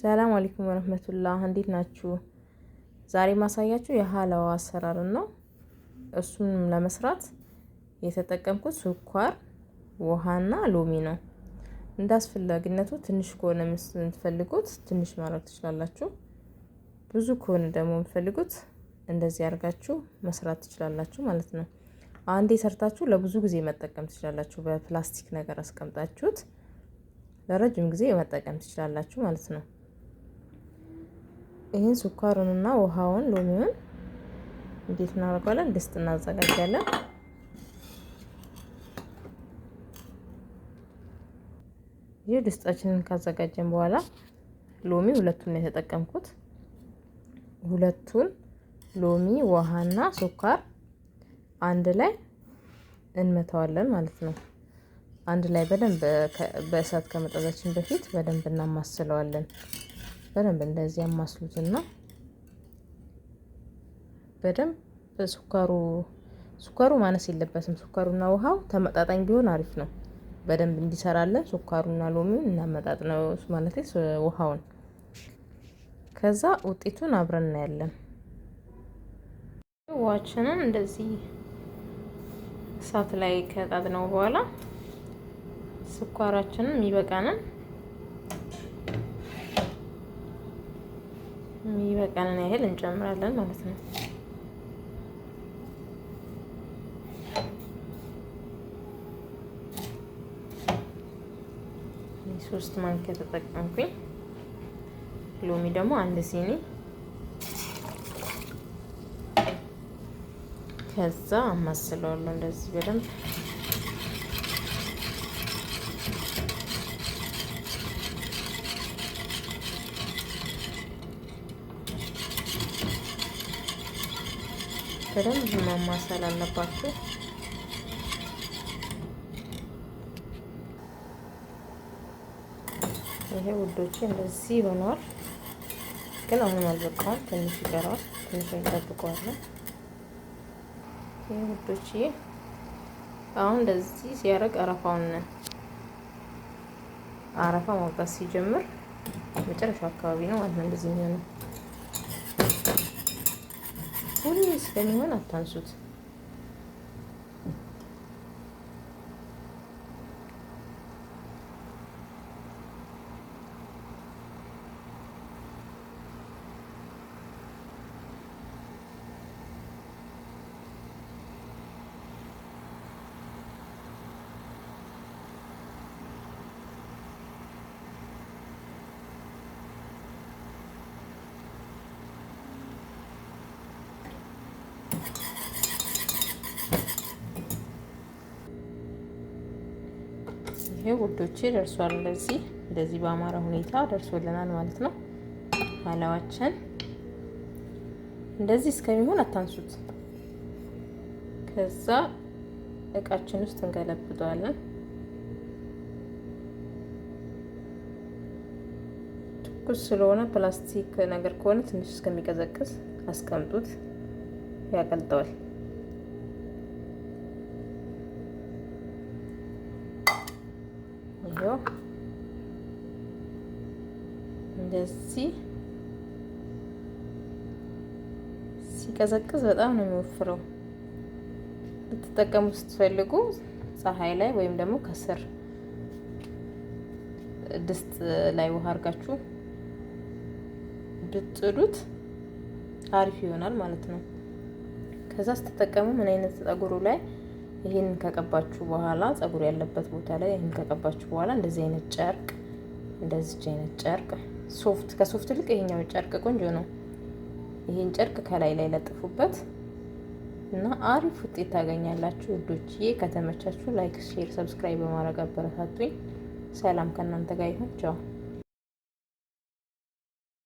ሰላም አለይኩም ወረህመቱላህ እንዴት ናችሁ? ዛሬ ማሳያችሁ የሀላዋ አሰራር ነው። እሱን ለመስራት የተጠቀምኩት ስኳር፣ ውሃና ሎሚ ነው። እንደ አስፈላጊነቱ ትንሽ ከሆነ የምትፈልጉት ትንሽ ማድረግ ትችላላችሁ። ብዙ ከሆነ ደግሞ የምትፈልጉት እንደዚህ አድርጋችሁ መስራት ትችላላችሁ ማለት ነው። አንዴ ሰርታችሁ ለብዙ ጊዜ መጠቀም ትችላላችሁ። በፕላስቲክ ነገር አስቀምጣችሁት ለረጅም ጊዜ መጠቀም ትችላላችሁ ማለት ነው። ይህን እና ውሃውን ሎሚውን እንዴት እናደርገዋለን? ድስት እናዘጋጃለን። ይህ ድስታችንን ካዘጋጀን በኋላ ሎሚ ሁለቱን ነው የተጠቀምኩት። ሁለቱን ሎሚ ውሃና ስኳር አንድ ላይ እንመታዋለን ማለት ነው። አንድ ላይ በደንብ በእሳት ከመጠዛችን በፊት በደንብ እናማስለዋለን። በደንብ እንደዚህ ያማስሉትና በደንብ ስኳሩ ስኳሩ ማነስ የለበትም። ስኳሩና ውሃው ተመጣጣኝ ቢሆን አሪፍ ነው። በደንብ እንዲሰራለን ስኳሩና ሎሚውን እናመጣጥነው ማለት ውሃውን። ከዛ ውጤቱን አብረን እናያለን። ውሃችንን እንደዚህ እሳት ላይ ከጣጥነው በኋላ ስኳራችንን የሚበቃንን ይበቃልን ያህል እንጨምራለን ማለት ነው። ሶስት ማንኪያ ተጠቀምኩኝ። ሎሚ ደግሞ አንድ ሲኒ ከዛ አማስለዋለሁ እንደዚህ በደንብ በደንብ ማማሰል አለባችሁ። ይሄ ውዶች እንደዚህ ሆኗል፣ ግን አሁንም አልበቃውም። ትንሽ ይቀረዋል። ትንሽ እንጠብቀዋለን። ይሄ ውዶች አሁን እንደዚህ ሲያደርግ አረፋውን አረፋ ማውጣት ሲጀምር መጨረሻ አካባቢ ነው ማለት ነው እንደዚህ የሚሆነው እኩል ስለሚሆን አታንሱት። ይሄ ውዶቼ ደርሷል። እንደዚህ እንደዚህ በአማረ ሁኔታ ደርሶልናል ማለት ነው። ሀላዋችን እንደዚህ እስከሚሆን አታንሱት። ከዛ እቃችን ውስጥ እንገለብጠዋለን። ትኩስ ስለሆነ ፕላስቲክ ነገር ከሆነ ትንሽ እስከሚቀዘቅዝ አስቀምጡት፣ ያቀልጠዋል። አደርጋለሁ። እንደዚህ ሲቀዘቅዝ በጣም ነው የሚወፍረው። ልትጠቀሙ ስትፈልጉ ፀሐይ ላይ ወይም ደግሞ ከስር ድስት ላይ ውሃ አድርጋችሁ ብጥዱት አሪፍ ይሆናል ማለት ነው። ከዛ ስትጠቀሙ ምን አይነት ፀጉሩ ላይ ይህን ከቀባችሁ በኋላ ጸጉር ያለበት ቦታ ላይ ይህን ከቀባችሁ በኋላ እንደዚህ አይነት ጨርቅ እንደዚች አይነት ጨርቅ ሶፍት ከሶፍት ይልቅ ይሄኛው ጨርቅ ቆንጆ ነው። ይህን ጨርቅ ከላይ ላይ ለጥፉበት እና አሪፍ ውጤት ታገኛላችሁ ውዶችዬ። ከተመቻችሁ ላይክ፣ ሼር፣ ሰብስክራይብ በማድረግ አበረታቱኝ። ሰላም ከእናንተ ጋር ይሁን። ቻው